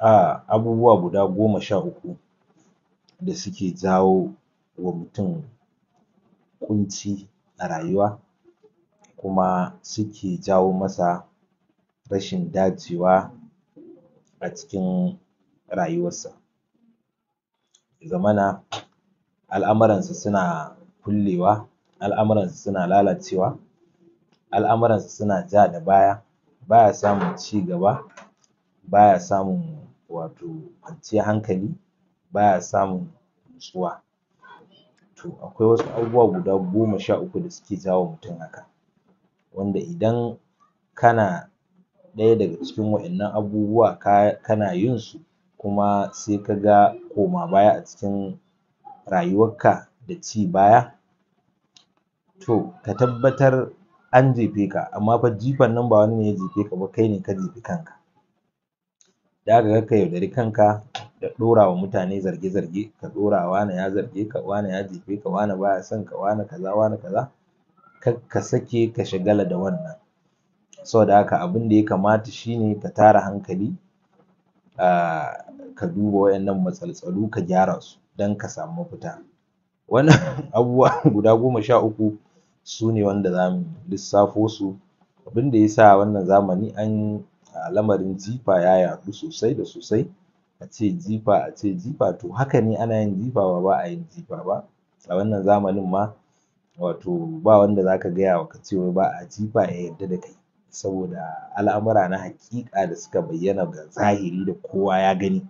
A abubuwa guda goma sha uku da suke jawo wa mutum ƙunci a rayuwa kuma suke jawo masa rashin dacewa a cikin rayuwarsa ya zamana al'amuransa suna kullewa al'amuransa suna lalacewa al'amuransa suna ja da baya baya samun cigaba baya samun wato kwanciyar hankali baya samun nutsuwa to akwai wasu abubuwa guda goma sha uku da suke jawo mutum haka wanda idan kana ɗaya daga cikin wa'innan abubuwa kana yin su kuma sai ka ga koma baya a cikin rayuwarka da ci baya to ka tabbatar an jefe ka amma fa jifan nan ba wani ne ya jefe ka ba kai ne ka jefi kanka Daga haka kar ka yaudari kanka da ɗorawa mutane zarge-zarge ka ɗora wane ya zarge ka wane ya jefe ka wane baya son ka wane kaza wane kaza kar ka sake ka shagala da wannan saboda haka abinda ya kamata shine ka tara hankali ka duba waɗannan matsaltsalu ka gyara su don ka samu mafita wannan abubuwa guda goma sha uku sune wanda zamu lissafo su abinda a wannan zamani an lamarin jifa ya yaɗu sosai da sosai a ce jifa a ce jifa to haka ne ana yin jifa ba ba a yin jifa ba a wannan zamanin ma wato ba wanda zaka gaya wa kace wai ba a jifa ya yarda da kai saboda al'amura na haƙiƙa da suka bayyana ga zahiri da kowa ya gani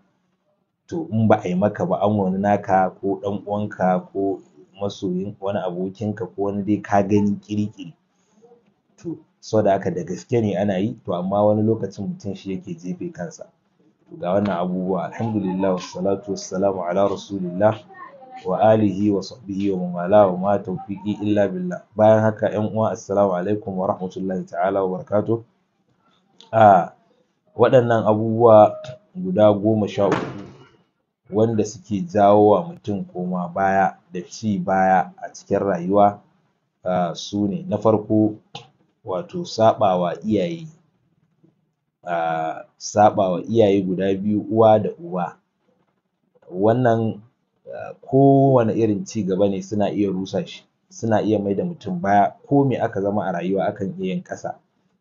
to in ba a yi maka ba an wani naka ko ɗan uwanka ko masoyin wani abokinka ko wani dai ka gani ƙiri-ƙiri su saboda haka da gaske ne ana yi to amma wani lokacin mutum shi yake jefe kansa ga wannan abubuwa alhamdulillah wassalatu wassalamu ala rasulillah wa alihi wa sahbihi wa man wala wa ma tawfiqi illa billah bayan haka ƴan uwa assalamu alaikum wa rahmatullahi ta'ala wa barakatuh a waɗannan abubuwa guda goma sha uku wanda suke jawo wa mutum koma baya da ci baya a cikin rayuwa su ne na farko wato saɓawa iyaye um saɓawa iyaye guda biyu uwa da uba wannan kowane irin cigaba ne suna iya rusa shi suna iya maida mutum baya ko me aka zama a rayuwa akan iya yin ƙasa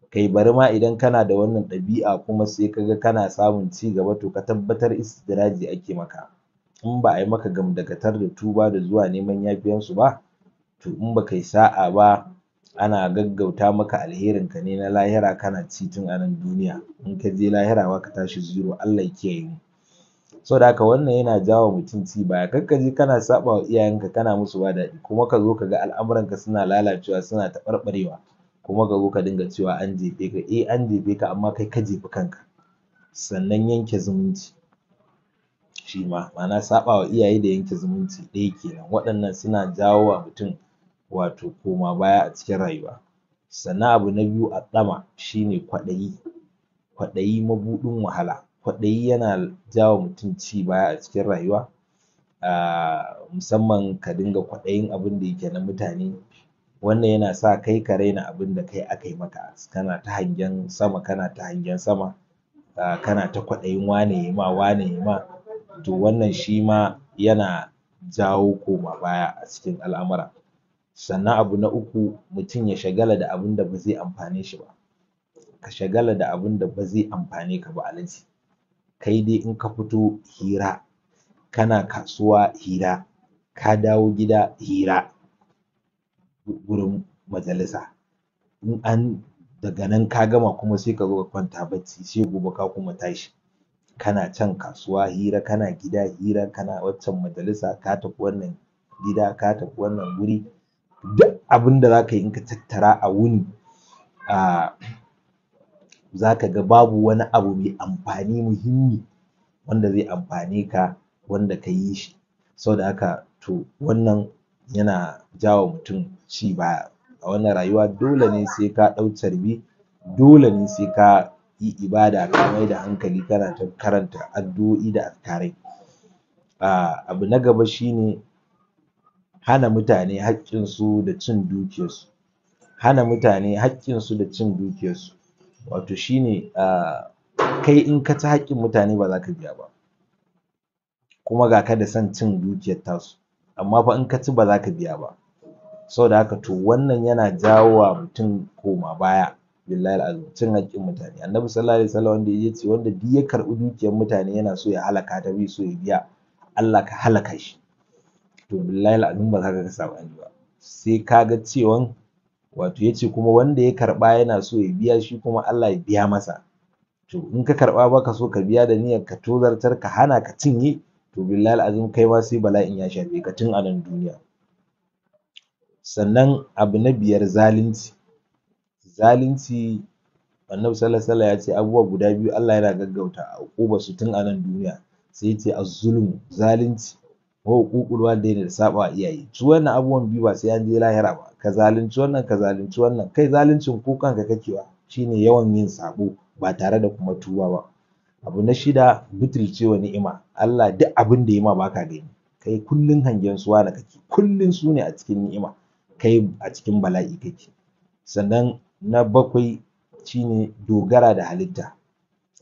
kai bari ma idan kana da wannan ɗabi'a kuma sai kaga kana samun cigaba to ka tabbatar istidraji ake maka in ba ai maka gamdakatar da tuba da zuwa neman yafiyan su ba to in bakai sa'a ba ana gaggauta maka alherin ka ne na lahira kana ci tun a nan duniya in ka je lahira ma ka tashi zero Allah ya kiyaye mu saboda haka wannan yana jawo mutum ci baya kar ka je kana saɓawa iyayenka kana musu ba daɗi kuma ka zo ka ga al'amuranka suna lalacewa suna taɓarɓarewa kuma ka zo ka dinga cewa an jefe ka eh an jefe ka amma kai ka jefi kanka sannan yanke zumunci shi ma ma'ana wa iyaye da yanke zumunci ɗaya kenan waɗannan suna jawo wa mutum wato koma baya a cikin rayuwa sannan abu na biyu a shi shine kwaɗayi kwaɗayi mabuɗin wahala kwaɗayi yana jawa mutum ci baya a cikin rayuwa a musamman ka dinga kwaɗayin abin da yake na mutane wannan yana sa kai ka raina abin da kai aka yi maka kana ta hangen sama kana ta hangen sama kana ta kwaɗayin wane yayi ma wane yayi ma to wannan shi ma yana jawo koma baya a cikin al'amura sannan abu na uku mutum ya shagala da abinda ba zai amfane shi ba ka shagala da abinda ba zai amfane ka ba Alhaji kai dai in ka fito hira kana kasuwa hira ka dawo gida hira gurin majalisa in an daga nan ka gama kuma sai ka zo ka kwanta bacci sai gobe ka kuma tashi kana can kasuwa hira kana gida hira kana waccan majalisa ka tafi wannan gida ka tafi wannan guri duk abin da za ka yi in ka tattara a wuni a za ka ga babu wani abu mai amfani muhimmi wanda zai amfane ka wanda ka yi shi saboda haka to wannan yana jawo mutum ci baya a wannan rayuwa dole ne sai ka ɗau carbi dole ne sai ka yi ibada ka da hankali kana ta karanta addu'o'i da azkarai a abu na gaba shine hana mutane haƙƙinsu da cin dukiyarsu hana mutane haƙƙinsu da cin dukiyarsu wato shine kai in ka ci haƙƙin mutane ba za ka biya ba kuma ga ka da son cin dukiyar tasu amma fa in ka ci ba za ka biya ba saboda haka to wannan yana jawo wa mutum koma baya billahi al'azim cin haƙƙin mutane annabi sallallahu alaihi wasallam wanda ce wanda duk ya karɓi dukiyar mutane yana so ya halaka ta bai so ya biya Allah ka halaka shi to billahi al'azim ba za ka ga ba sai ka ga cewan wato yace kuma wanda ya karba yana so ya biya shi kuma Allah ya biya masa to in ka karɓa baka so ka biya da niyyar ka tozartar ka hana ka cinye to billahi al'azim kai ma sai bala'in ya shafe ka tun a nan duniya sannan abu na biyar zalunci zalunci annabi sallallahu alaihi ya ce abubuwa guda biyu Allah yana gaggauta ba su tun a nan duniya sai ya ce az-zulmu zalunci wa huququl walidaini da saba iyaye su wannan abubuwan biyu ba sai an je lahira ba ka zalunci wannan ka zalunci wannan kai zaluncin ko kanka kakewa shine yawan yin sabo ba tare da kuma tuba ba abu na shida butulcewa ni'ima Allah duk abin da ya ma baka gani kai kullun hangen suwa na kake kullun su ne a cikin ni'ima kai a cikin bala'i kake sannan na bakwai shine dogara da halitta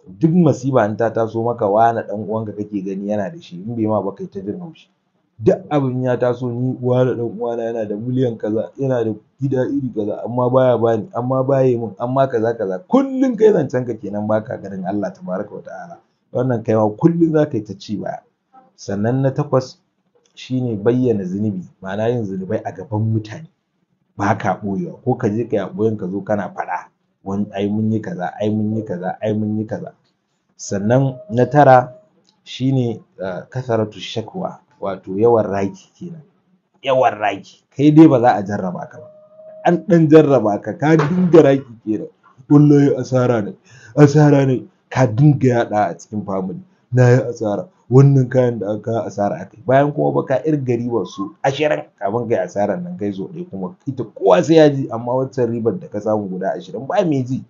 duk masiba in ta taso maka wane dan uwanka kake gani yana da shi in bai ma baka ta jin haushi duk abin ya taso ni wane dan uwana yana da miliyan kaza yana da gida iri kaza amma baya bani amma baya mun. amma kaza kaza kullun kai zancen ka kenan baka ganin Allah tabaraka wataala wannan kai ma kullun zaka yi ta ci baya sannan na takwas shine bayyana zunubi ma'ana yin zunubai a gaban mutane baka ɓoyewa ko ka je kai a ka zo kana faɗa wani ai mun yi kaza ai mun yi kaza ai mun yi kaza sannan na tara shine eh, kasaratu shakwa wato yawan raki kenan yawan raki kai dai ba za a jarraba ka ba an ɗan jarraba ka ka dinga raki kenan wallahi asara ne asara ne ka dinga yaɗa a cikin family na yi asara wannan kayan da aka asara a kai bayan kuma baka ka irga su ashirin kafin kai asarar nan kai zo ɗaya kuma ita kowa sai ya ji amma wancan ribar da ka samu guda ashirin ba mai ji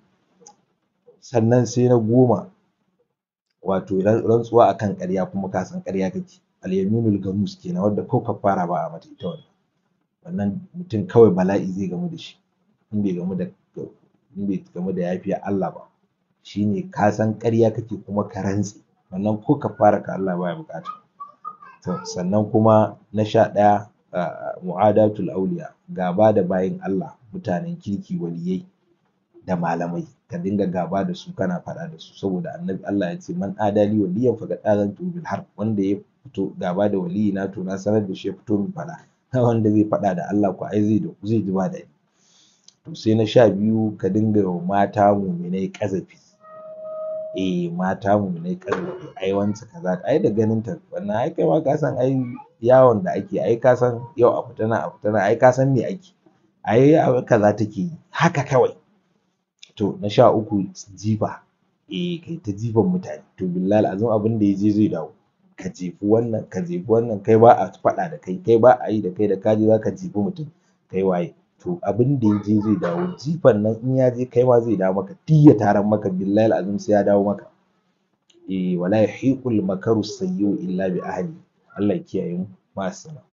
sannan sai na goma wato rantsuwa akan ƙarya kuma ka san ƙarya kake al gamus kenan wanda ko ka fara ba a mata ita wannan wannan mutum kawai bala'i zai gamu da shi in bai gamu da in bai gamu da yafiya Allah ba shine ka san ƙarya kake kuma ka rantse Sannan ko kafara ka Allah baya buƙata to sannan kuma na sha ɗaya mu'adatul auliya gaba da bayin Allah mutanen kirki waliyai da malamai ka dinga gaba da su kana faɗa da su saboda annabi Allah ya ce man adali waliyan fa qad bil har wanda ya fito gaba da waliyi na to na sanar da shi ya fito min faɗa wanda zai faɗa da Allah ko ai zai zai ji ba daɗi to sai na sha biyu ka dinga wa mata muminai ƙazafi eh mata muminai ƙanwar ai wance kaza ai da ganin ta wannan ai kai ma ka san ai yawon da ake ai ka san yau a fita nan a fita nan ai ka san me ake ai kaza take yi haka kawai to na sha uku jifa e kai ta jifan mutane to billahi azum abin da ya je zai dawo ka jefi wannan ka jefi wannan kai ba a faɗa da kai kai ba a yi da kai da ka je za ka jefi mutum kai waye to abin da ya je zai dawo jifan nan in ya je kai ma zai dawo maka duk ya taran maka billahi al'azim sai ya dawo maka eh wala yahiqul makaru sayyi'u illa bi ahlihi Allah ya kiyaye mu